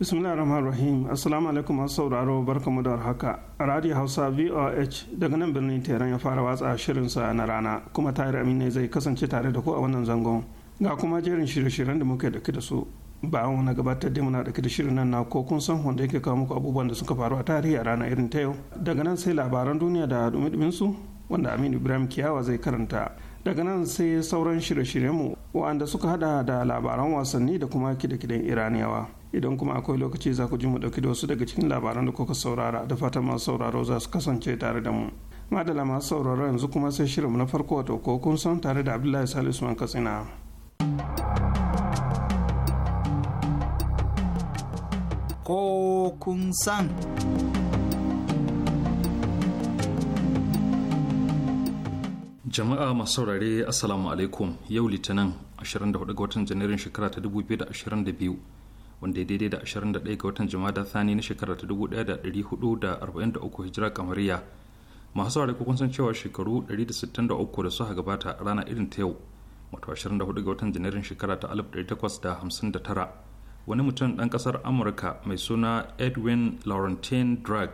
bismillah rahman rahim assalamu alaikum masu sauraro barkamu da haka radio hausa voh daga nan birnin teran ya fara watsa shirinsa na rana kuma tahir amina zai kasance tare da ku a wannan zangon ga kuma jerin shirye-shiryen da muke dauke da su Ba a wani gabatar da muna dauke da shirin nan na ko kun san wanda yake kawo muku abubuwan da suka faru a tarihi a rana irin ta yau daga nan sai labaran duniya da dumi su wanda aminu ibrahim kiyawa zai karanta daga nan sai sauran shirye-shiryenmu waɗanda suka hada da labaran wasanni da kuma kide-kiden iraniyawa idan kuma akwai lokaci za ku ji mu dauki da wasu daga cikin labaran da kuka saurara da fata masu sauraro za su kasance tare da mu madala masu sauraro yanzu kuma sai shirin na farko wato ko kun san tare da abdullahi salisu man katsina ko san jama'a masu saurare assalamu alaikum yau litinin 24 ga watan janairun shekara ta 2022 wanda ya daidai da 21 ga watan jumada thani na shekarar ta 1443 hijira kamariya masu saurari kun san cewa shekaru 163 da suka gabata rana irin ta yau wato 24 ga watan janairun shekara ta 1859 wani mutum dan kasar amurka mai suna edwin laurentine drag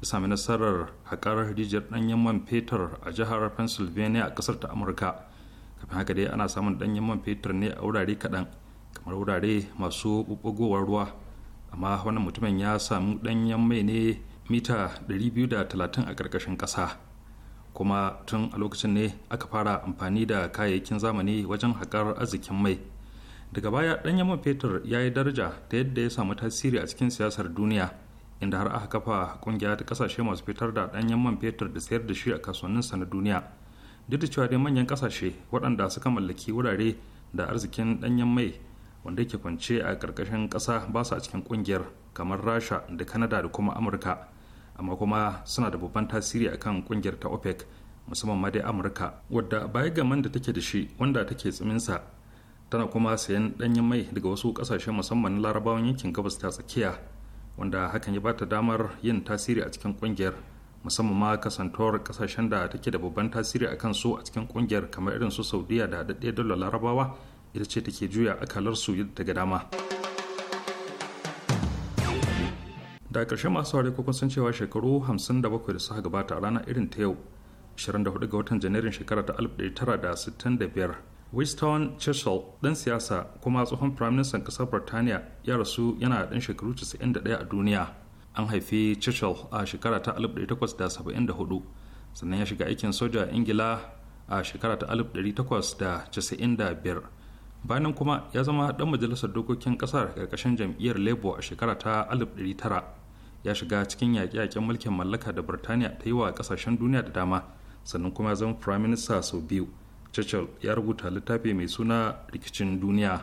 ya sami nasarar haƙar rijiyar ɗanyen man fetur a jihar pennsylvania a ƙasar ta amurka kafin haka dai ana samun ɗanyen man fetur ne a wurare kaɗan kamar wurare masu ɓuɓɓugowar ruwa amma wannan mutumin ya samu danyen mai ne mita 230 a ƙarƙashin ƙasa kuma tun a lokacin ne aka fara amfani da kayayyakin zamani wajen haƙar arzikin mai daga baya danyen man fetur ya yi daraja ta yadda ya samu tasiri a cikin siyasar duniya inda har aka kafa kungiya ta ƙasashe masu fitar da danyen man fetur da sayar da shi a kasuwannin sa na duniya duk da cewa dai manyan ƙasashe waɗanda suka mallaki wurare da arzikin danyen mai wanda ke kwance a ƙarƙashin ƙasa ba su a cikin ƙungiyar kamar rasha da kanada da kuma amurka amma kuma suna da babban tasiri a kan ƙungiyar ta opec musamman ma dai amurka wadda baya ga man da take da shi wanda take tsiminsa tana kuma sayan ɗanyen mai daga wasu ƙasashe musamman na larabawan yankin gabas ta tsakiya wanda hakan ya ba ta damar yin tasiri a cikin ƙungiyar musamman ma kasantuwar ƙasashen da take da babban tasiri a kan su a cikin ƙungiyar kamar irin su saudiya da haɗaɗɗiyar dala larabawa ita ce take juya akalarsu daga dama da ƙarshe masu ware kun san cewa shekaru 57 da suka gabata rana irin ta yau 24 ga watan janairun shekara ta 1965 winston churchill ɗan siyasa kuma tsohon firaministan ƙasar birtaniya ya rasu yana ɗan shekaru 91 a duniya an haifi churchill a shekara ta 1874 sannan ya shiga aikin soja ingila a shekara ta 1895 bayanan kuma ya zama dan majalisar dokokin kasar karkashin jam'iyyar labour a shekara ta 1900 ya shiga cikin yaƙe-yaƙen mulkin mallaka da birtaniya ta yi wa kasashen duniya da dama sannan kuma ya zama prime minister sau biyu churchill ya rubuta littafi mai suna rikicin duniya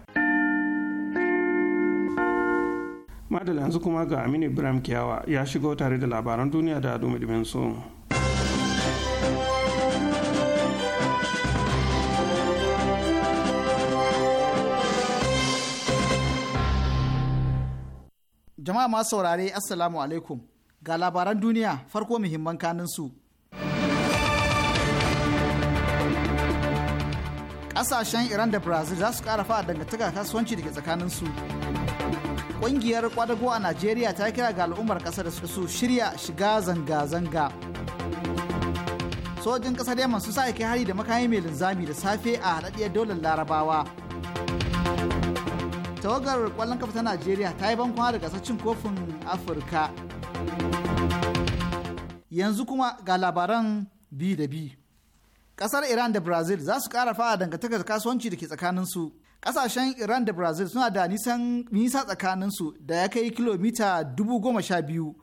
madala yanzu kuma ga aminu ibrahim kiyawa ya shigo tare da labaran duniya da dumidimin su jama'a masu saurare assalamu alaikum ga labaran duniya farko muhimman kanin su kasashen iran da brazil za su kara fara dangantaka kasuwanci da ke su ƙungiyar kwadago a najeriya ta kira ga al'ummar ƙasar da su shirya shiga zanga-zanga sojin ƙasar yaman sun sa kai hari da makami mai linzami da safe a haɗaɗɗiyar daular larabawa tawagar kwallon kafa ta najeriya ta yi bankwana da gasar cin kofin afirka yanzu kuma ga labaran bi da bi kasar Iran da Brazil za su ƙara fara dangantakar kasuwanci da ke tsakaninsu. kasashen Iran da Brazil suna da nisan nisa tsakaninsu da ya kai kilomita dubu goma sha biyu,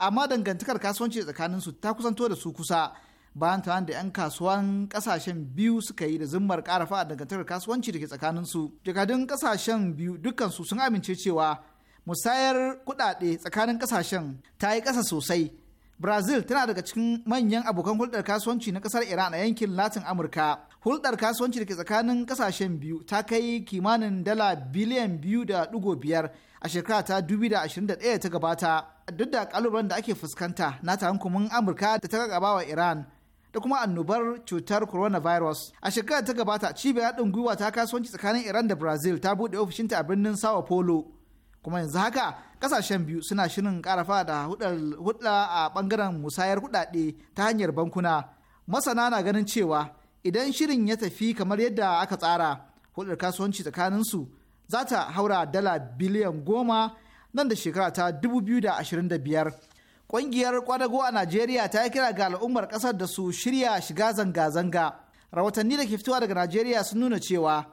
amma dangantakar kasuwanci tsakaninsu ta kusanto da su kusa bayan ta da 'yan kasuwan kasashen biyu suka yi da zummar kara fa'a dangantakar kasuwanci da ke tsakaninsu. Jakadun kasashen biyu dukkansu sun amince cewa musayar kuɗaɗe tsakanin kasashen ta yi ƙasa sosai Brazil tana daga cikin manyan abokan hulɗar kasuwanci na ƙasar Iran a yankin Latin Amurka. Hulɗar kasuwanci da ke tsakanin ƙasashen biyu ta kai kimanin dala biliyan biyu da ɗigo biyar a shekara ta 2021 ta gabata. Duk da ƙalubalen da ake fuskanta na hankumin Amurka da ta gaba wa Iran da kuma annobar cutar coronavirus. A shekara ta gabata cibiyar haɗin gwiwa ta kasuwanci tsakanin Iran da Brazil ta buɗe ofishinta a birnin Sao Paulo. kuma yanzu haka kasashen biyu suna shirin karafa da hudda a bangaren musayar kudade ta hanyar bankuna masana na ganin cewa idan shirin ya tafi kamar yadda aka tsara hudar kasuwanci tsakanin su za ta haura dala biliyan goma nan da shekara ta 2025 ƙungiyar kwadago a najeriya ta yi kira ga al'ummar ƙasar da su shirya shiga zanga-zanga rahotanni da ke fitowa daga najeriya sun nuna cewa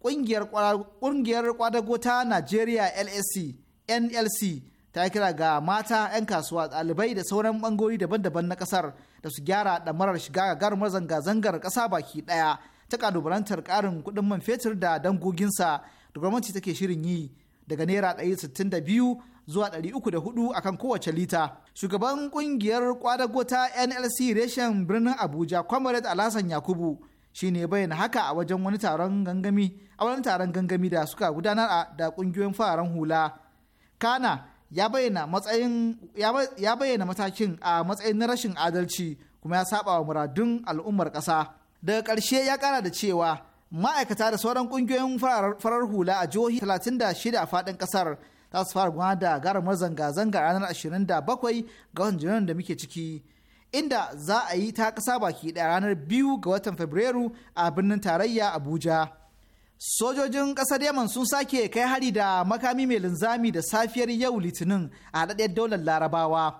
ƙungiyar kwadago ta Najeriya LSC NLC ta kira ga mata 'yan kasuwa ɗalibai da sauran bangori daban-daban na ƙasar da su gyara ɗamarar shiga ga garin zanga-zangar ƙasa baki ɗaya ta ƙalubalantar ƙarin kuɗin man fetur da dangoginsa da gwamnati take shirin yi daga naira biyu. zuwa 304 kan kowace lita. Shugaban kungiyar kwadago ta NLC reshen birnin Abuja, Comrade Alhassan Yakubu Shi shine bayyana haka a wajen wani taron gangami a wani taron gangami da suka gudanar da kungiyoyin fararen hula kana ya bayyana matakin a matsayin na rashin adalci kuma ya saba wa muradun al'ummar ƙasa daga ƙarshe ya ƙara da cewa ma'aikata da sauran kungiyoyin farar hula a jihohi shida a faɗin ƙasar za su fara gudanar da garamar zanga-zanga ranar 27 ga wajen da muke ciki inda za a yi ta kasa baki ɗaya ranar biyu ga watan Fabrairu a birnin tarayya Abuja. Sojojin ƙasar Yaman sun sake kai hari da makami mai linzami da safiyar yau Litinin a haɗaɗɗiyar daular Larabawa.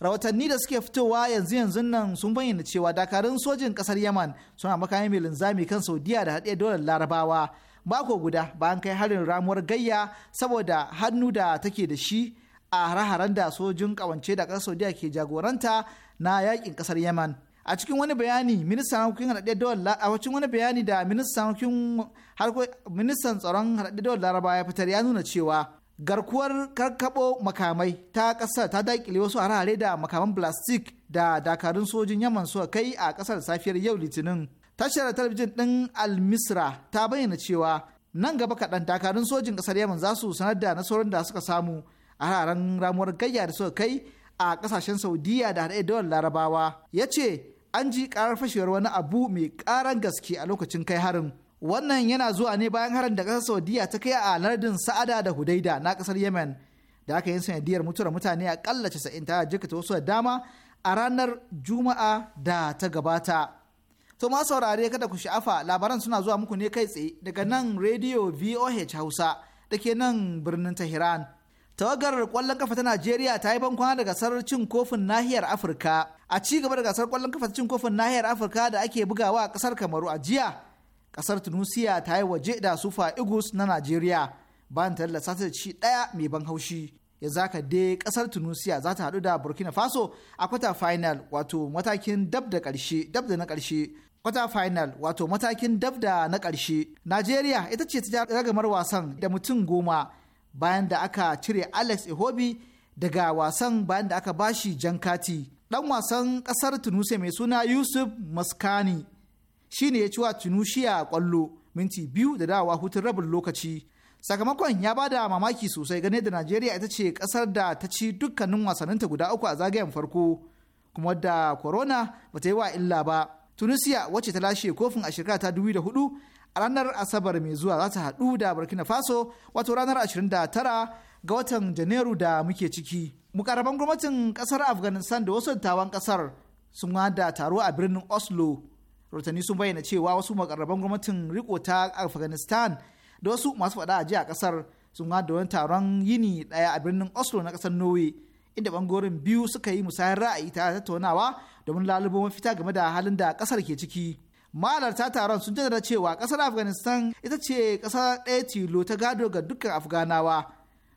Rahotanni da suke fitowa yanzu yanzu nan sun bayyana cewa dakarun sojin ƙasar Yaman suna makami mai linzami kan Saudiya da haɗe daular Larabawa. Mako guda bayan kai harin ramuwar gayya saboda hannu da take da shi a hare-haren da sojin ƙawance da ƙasar Saudiya ke jagoranta na yakin kasar Yaman. A cikin wani bayani ministan harkokin haɗaɗɗiyar dawar a cikin wani bayani da ministan tsaron haɗaɗɗiyar dawar Laraba ya fitar ya nuna cewa garkuwar karkabo makamai ta ƙasar ta daƙile wasu harare da makaman plastik da dakarun sojin Yaman suka kai a ƙasar safiyar yau Litinin. Tashar talabijin ɗin Al-Misra ta bayyana cewa nan gaba kaɗan dakarun sojin ƙasar Yaman za su sanar da nasarorin da suka samu a hararen ramuwar gayya da suka kai a kasashen saudiya da haɗe dawar larabawa ya ce an ji karar fashewar wani abu mai karan gaske a lokacin kai harin wannan yana zuwa ne bayan harin da kasar saudiya ta kai a lardin sa'ada da hudaida na kasar yemen da aka yi sanadiyar mutuwar mutane a kalla casa'in ta jikata wasu da dama a ranar juma'a da ta gabata to ma saurare kada ku sha'afa labaran suna zuwa muku ne kai tsaye daga nan rediyo voh hausa da ke nan birnin tehran tawagar kwallon kafa ta Najeriya ta yi bankwana da gasar cin kofin nahiyar Afirka. A ci gaba da gasar kwallon kafa ta cin kofin nahiyar Afirka da ake bugawa a kasar Kamaru a jiya, kasar Tunusiya ta yi waje da Sufa Eagles na Najeriya bayan ta lallasa ta ci ɗaya mai ban haushi. Ya zaka dai kasar Tunusiya za ta haɗu da Burkina Faso a kwata final wato matakin dab da ƙarshe dab da na ƙarshe kwata final wato matakin dab da na ƙarshe. Najeriya ita ce ta ragamar wasan da mutum goma bayan da aka cire Alex ehobi daga wasan bayan da aka bashi jan kati. Ɗan wasan kasar Tunusia mai suna Yusuf Maskani shi ne ya ci wa Tunusia ƙwallo minti biyu da dawa hutun rabin lokaci. Sakamakon ya ba da mamaki sosai gane da Najeriya ita ce kasar da ta ci dukkanin wasanninta guda uku a zagayen farko, kuma da corona ba ta yi wa illa ba. Tunusia wacce ta lashe kofin a shekara ta da hudu? a ranar asabar mai zuwa za ta haɗu da burkina faso wato ranar 29 ga watan janairu da muke ciki mukarraban gwamnatin kasar afghanistan da wasu dattawan kasar sun da taro a birnin oslo rotani sun bayyana cewa wasu mukarraban gwamnatin riko ta afghanistan da wasu masu faɗa a a kasar sun da wani taron yini ɗaya a birnin oslo na kasar norway inda bangorin biyu suka yi musayar ra'ayi ta tattaunawa domin lalubo mafita game da halin da kasar ke ciki mahalarta taron sun jaddada cewa kasar afghanistan ita ce kasa ɗaya tilo ta gado ga dukkan afghanawa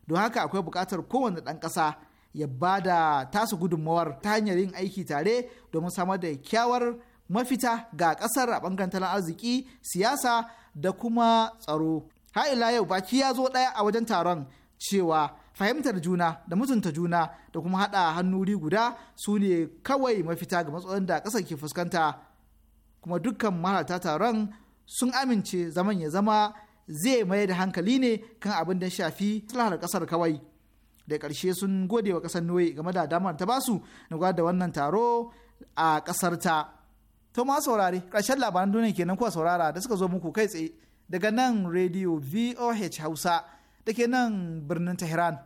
don haka akwai buƙatar kowane ɗan ƙasa ya ba da tasa gudunmawar ta hanyar yin aiki tare domin samar da kyawar mafita ga ƙasar a ɓangaren tattalin arziki siyasa da kuma tsaro har ila yau baki ya zo ɗaya a wajen taron cewa fahimtar juna da mutunta juna da kuma haɗa hannu guda su ne kawai mafita ga matsalolin da ƙasar ke fuskanta kuma dukkan mahalarta taron sun amince zaman ya zama zai mai da hankali ne kan abin da shafi sulhar kasar kawai da ƙarshe sun gode wa ƙasar noye game da damar ta basu na gwada wannan taro a ƙasar ta to ma saurare ƙarshen labaran duniya kenan kuwa saurara da suka zo muku kai tsaye daga nan rediyo voh hausa da ke nan birnin tehran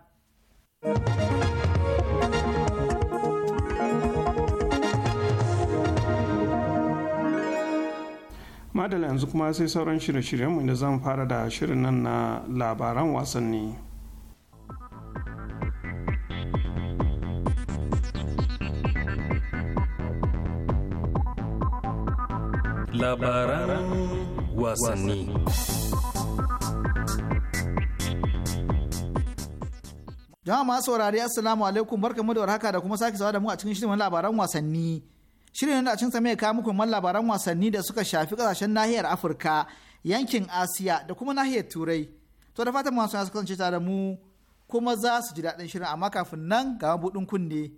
madala yanzu kuma sai sauran shirye-shiryenmu inda zan fara da shirin nan na labaran wasanni labaran wasanni jama'a masu saurari assalamu alaikum barkamu da warhaka da kuma sake sawa da mu a cikin shirin labaran wasanni Shirin da cin mai kawo muku man labaran wasanni da suka shafi kasashen nahiyar Afirka, yankin Asiya da kuma nahiyar Turai. To da fatan masu su kasance tare da mu kuma za su ji daɗin shirin amma kafin nan ga mabuɗin kunne.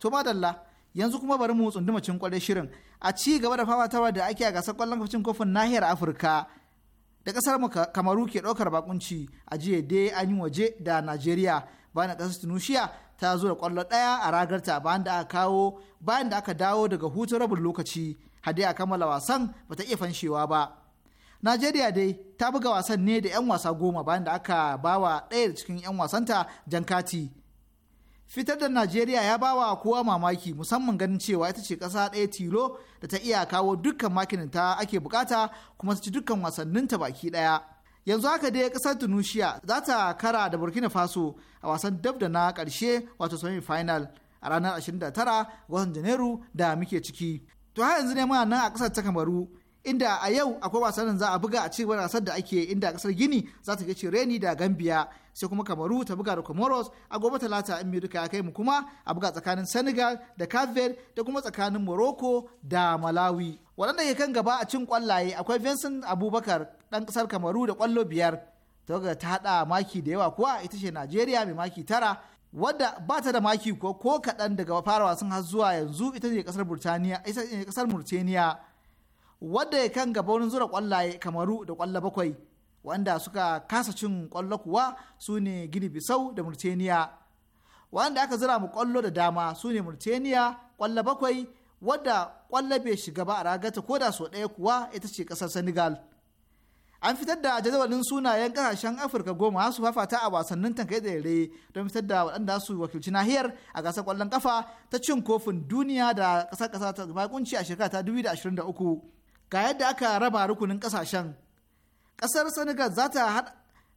To madalla yanzu kuma bari mu tsundumacin kwarai shirin a ci gaba da fafatawa da ake a gasar kwallon kofin nahiyar Afirka. da kasar kamaru ke ɗaukar bakunci a jiya dai an yi waje da najeriya bayan kasar tunisia ta zo da kwallo ɗaya a ragarta bayan da aka kawo bayan da aka dawo daga hutun rabin lokaci hade a kammala wasan ba ta iya fanshewa ba najeriya dai ta buga wasan ne da 'yan wasa goma bayan da aka bawa ɗaya da cikin 'yan wasanta jankati fitar da najeriya ya bawa kowa mamaki musamman ganin cewa ita ce ƙasa ɗaya tilo da ta iya kawo dukkan makinin ta ake bukata kuma ta ci dukkan wasannin ta baki ɗaya yanzu haka dai ƙasar tunisia za ta kara da burkina faso a wasan dab da na karshe wato semi final a ranar 29 ga watan janairu da muke ciki to har yanzu ne muna nan a kasar ta kamaru inda a yau akwai wasannin za a buga a cikin gasar da ake inda kasar gini za ta gace reni da gambia sai kuma kamaru ta buga da comoros a gobe talata in duka ya kai mu kuma a buga tsakanin senegal da cape da kuma tsakanin morocco da malawi waɗanda ke kan gaba a cin kwallaye akwai vincent abubakar ɗan kasar kamaru da kwallo biyar tawagar ta haɗa maki da yawa kuwa ita ce najeriya mai maki tara wadda ba ta da maki ko ko kaɗan daga fara wasan har zuwa yanzu ita ce kasar burtaniya ita ne kasar murtaniya wadda ya kan gaba wurin zura kwallaye kamaru da kwallo bakwai wanda suka kasa cin kwallo kuwa su ne gini bisau da murtaniya wanda aka zira mu kwallo da dama su ne murtaniya kwallo bakwai wadda kwallo bai shiga ba a ragata ko da sau ɗaya kuwa ita ce kasar senegal an fitar da jadawalin sunayen ƙasashen afirka goma su fafata a wasannin tankai tsere don fitar da waɗanda su wakilci nahiyar a gasar ƙwallon kafa ta cin kofin duniya da ƙasar ƙasa ta bakunci a shekara ta 2023 ga yadda aka raba rukunin kasashen kasar senegal za ta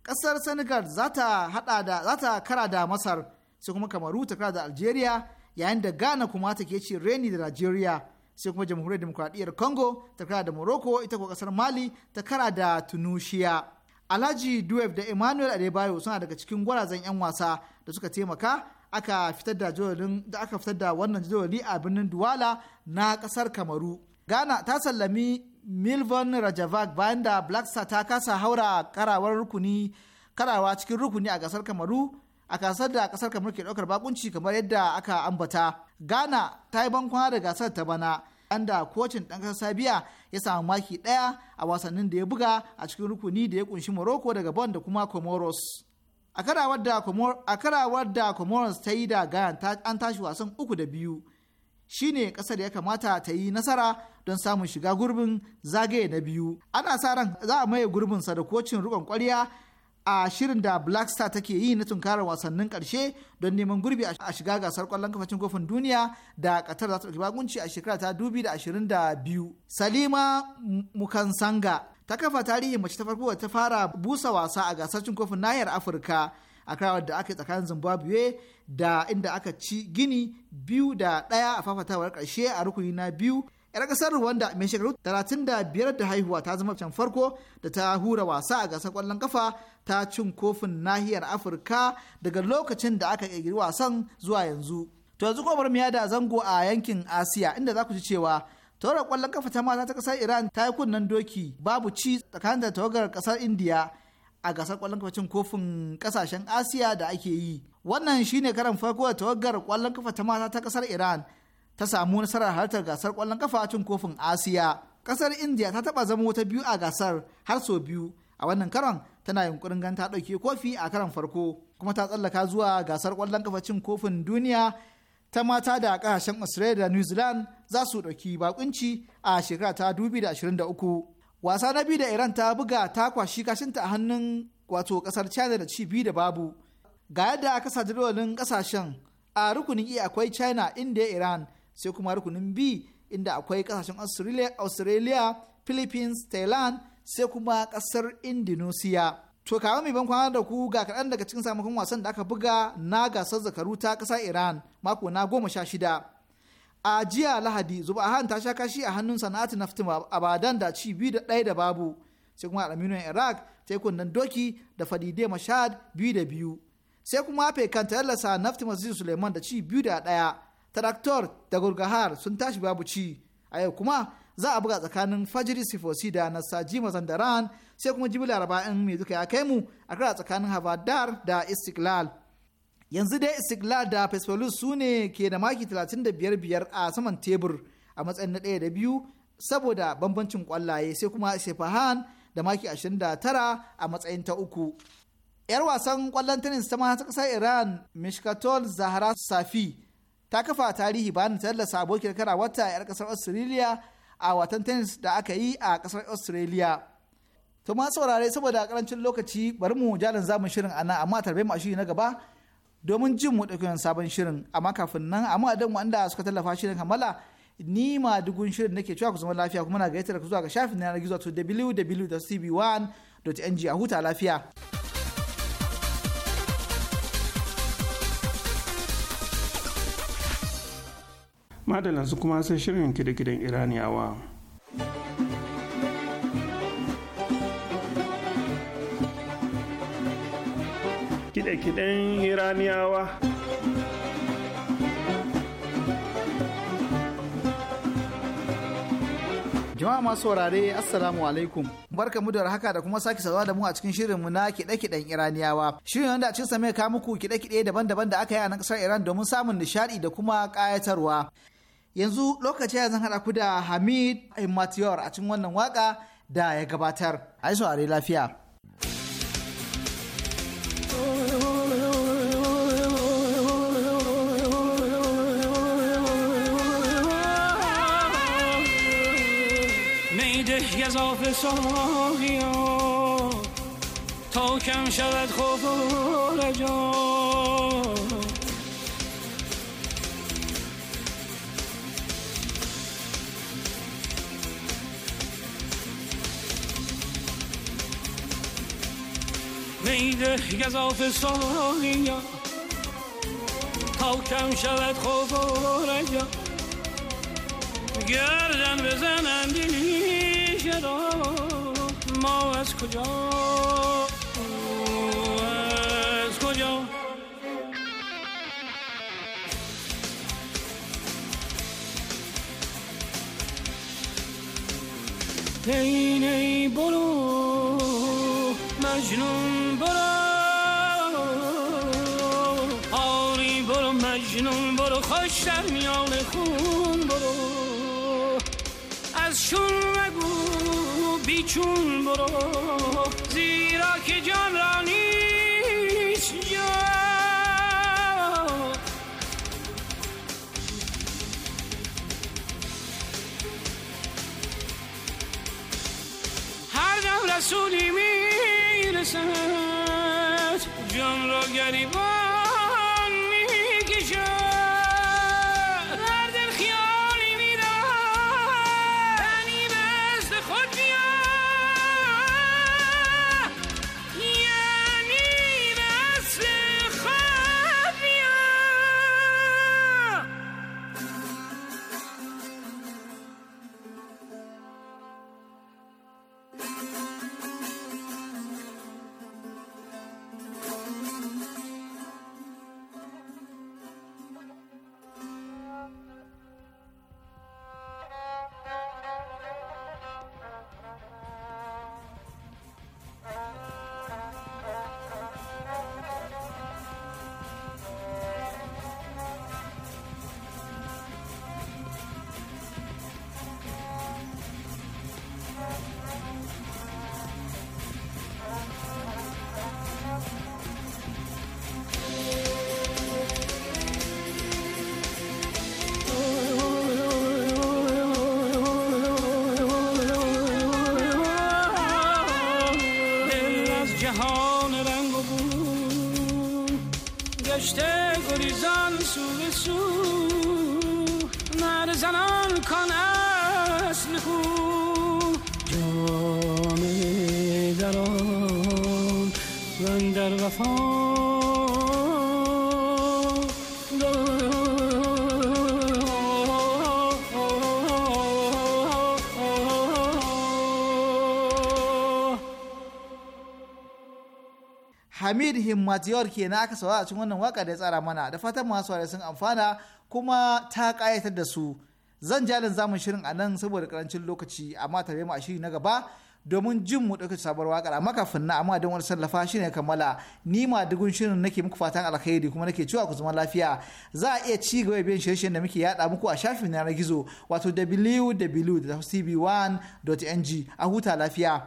kasar senegal za hada da za ta kara da masar sai kuma kamaru ta kara da algeria yayin da ghana kuma ta ke ci reni da nigeria sai kuma jamhuriyar demokradiyyar congo ta kara da morocco ita kuwa kasar mali ta kara da tunisia alhaji duwef da emmanuel adebayo suna daga cikin gwarazan yan wasa da suka taimaka da aka fitar da wannan jadawali a birnin duwala na kasar kamaru ghana ta sallami milvon rajavak bayan da black star ta kasa haura karawar rukuni karawa cikin rukuni a gasar kamaru a kasar da kasar kamaru ke daukar bakunci kamar yadda aka ambata ghana ta yi bankwana da gasar ta bana an da kocin ɗan ƙasar sabiya ya samu maki ɗaya a wasannin da ya buga a cikin rukuni da ya kunshi morocco daga bon da kuma comoros a karawar da comoros ta yi da ghana an tashi wasan uku da biyu shine kasar ya kamata ta yi nasara don samun shiga gurbin zagaye na biyu ana sa ran za a maye gurbin sa da kocin rikon kwarya a shirin da black star take yi na tunkarar wasannin karshe don neman gurbi a shiga gasar kwallon kafacin kofin duniya da katar za ta ɗauki bagunci a shekara ta biyu. salima mukansanga ta kafa tarihin mace ta farko ta fara busa wasa a gasar cin kofin nahiyar afirka a karawar da aka yi tsakanin zimbabwe da inda aka ci gini biyu da ɗaya a fafatawar karshe a rukuni na biyu yar ƙasar rwanda mai shekaru 35 da haihuwa ta zama can farko da ta hura wasa a gasar kwallon kafa ta cin kofin nahiyar afirka daga lokacin da aka ƙirƙiri wasan zuwa yanzu to yanzu kuma miya da zango a yankin asiya inda za ji cewa tawagar ƙwallon kafa ta mata ta kasar iran ta yi kunnen doki babu ci tsakanin da tawagar kasar indiya a gasar kwallon kafa cin kofin kasashen asiya da ake yi wannan shine karan farko da tawagar kwallon kafa ta mata ta kasar iran ta samu nasarar halartar gasar kwallon kafa cin kofin asiya kasar india ta taba zama wata biyu a gasar har sau biyu a wannan karon tana yunkurin gan ta dauke kofi a karan farko kuma ta tsallaka zuwa gasar kwallon kafa cin kofin duniya ta mata da kasashen australia da new zealand za su dauki bakunci a shekara ta 2023 wasa na biyu da iran ta buga ta kwashi kashinta a hannun wato kasar china da ci biyu da babu ga yadda aka sa jadawalin kasashen a rukunin e akwai china india iran sai kuma rukunin b inda akwai kasashen australia, australia philippines thailand sai kuma kasar indonesia to kawo mai ban kwana da ku ga kaɗan daga cikin samakon wasan da aka buga na gasar zakaru ta ƙasar iran mako na goma sha shida a jiya lahadi zuba zubahan ta sha kashi a hannun sana'atu naftin abadan da ci biyu da ɗaya da babu sai kuma al'aminiyar iraq ta yi kunnen doki da fadide mashad biyu da biyu sai kuma kan ta yallasa naftim masjid suleiman da ci biyu da ɗaya taraktor da gurgahar sun tashi babu ci a yau kuma za a buga tsakanin fajiri sifosi da nasaji mazandaran sai kuma Jibila arba'in in mai duka ya kai mu a kira tsakanin havadar da istiklal yanzu dai istiklal da fesfalus su ne ke da maki 35 a saman tebur a matsayin na ɗaya da biyu saboda bambancin kwallaye sai kuma sefahan da maki 29 a matsayin ta uku yar wasan kwallon tennis ta mata ƙasar iran mishkatol zahra safi ta kafa tarihi bayan tallasa abokin wata yar kasar australia a watan tennis da aka yi a ƙasar australia to ma saurare saboda karancin lokaci bari mu jalan zamu shirin ana amma tarbe mu a shiri na gaba domin jin mu ɗauki sabon shirin amma kafin nan a ma'adan wanda suka tallafa shirin kammala ni ma dugun shirin nake cewa ku zama lafiya kuma na gayyatar ku zuwa ga shafin na gizo to wwwcb 1ng a huta lafiya. Madalansu kuma sai shirin kidigidan Iraniyawa. kide-kiden iraniyawa jama'a masu saurare assalamu alaikum barka mu da haka da kuma sake sauwa da mu a cikin shirinmu na kiɗe-kiɗen iraniyawa shirin wanda a cikin sa mai muku kiɗe-kiɗe daban-daban da aka yi a nan kasar iran domin samun nishaɗi da kuma kayatarwa yanzu lokaci ya zan haɗa ku da hamid imatiyar a cikin wannan waka da ya gabatar Ayi saurari lafiya گذاف ساقیا تا کم شود خوف و رجا میده گذاف ساقیا تا کم شود خوف و رجا گردن بزنند ما از کجا از کجا ای نی برو مجنون برو آری برو مجنون برو خوش در میان خون چون برو زیرا که جان را نیست جا هر دم رسولی میرسد جان را گریبان hamid himmatiyar kenan aka saurara a cikin wannan waka da ya tsara mana da fatan masu sun amfana kuma ta kayatar da su zan ja zamun shirin a nan saboda karancin lokaci amma tare mu a shiri na gaba domin jin mu ɗauka sabuwar wakar amma kafin na amma don wani sallafa shi ne kammala ni ma dugun shirin nake muku fatan alkhairi kuma nake cewa ku zama lafiya za a iya ci gaba biyan shirye da muke yada muku a shafin yanar gizo wato www.tv1.ng a huta lafiya.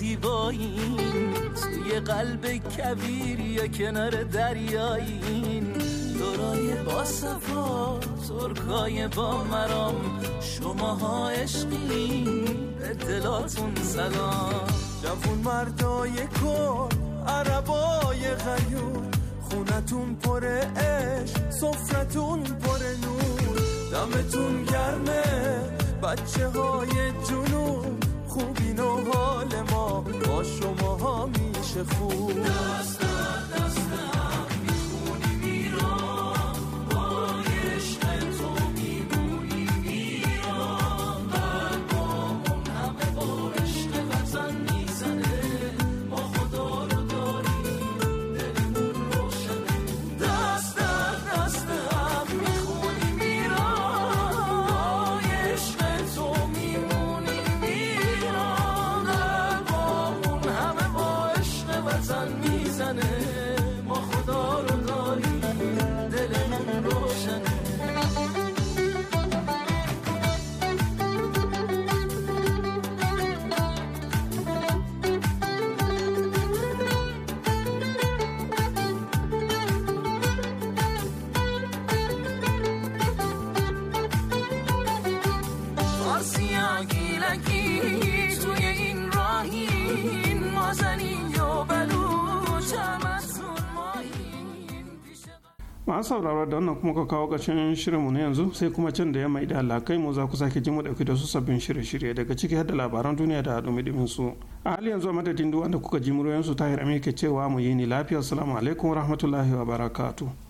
زیبایی توی قلب کویر یا کنار دریایی دورای با صفا ترکای با مرام شماها عشقین اطلاعتون سلام جوون مردای کن عربای غیور خونتون پر عشق سفرتون پر نور دمتون گرمه بچه های جنوب خوبین و حال ما با شما ها میشه خوب داستان داستان sauraro da wannan kuma ka kawo shirin mu na yanzu sai kuma can da ya mai da mu za ku sake ji mu dauki da su sabbin shirye-shirye daga ciki har da labaran duniya da dumi-dumin su. A hali yanzu a madadin duk wanda kuka ji muryoyin su tahir ke cewa mu yi ni lafiya salamu alaikum wa rahmatullahi wa barakatu.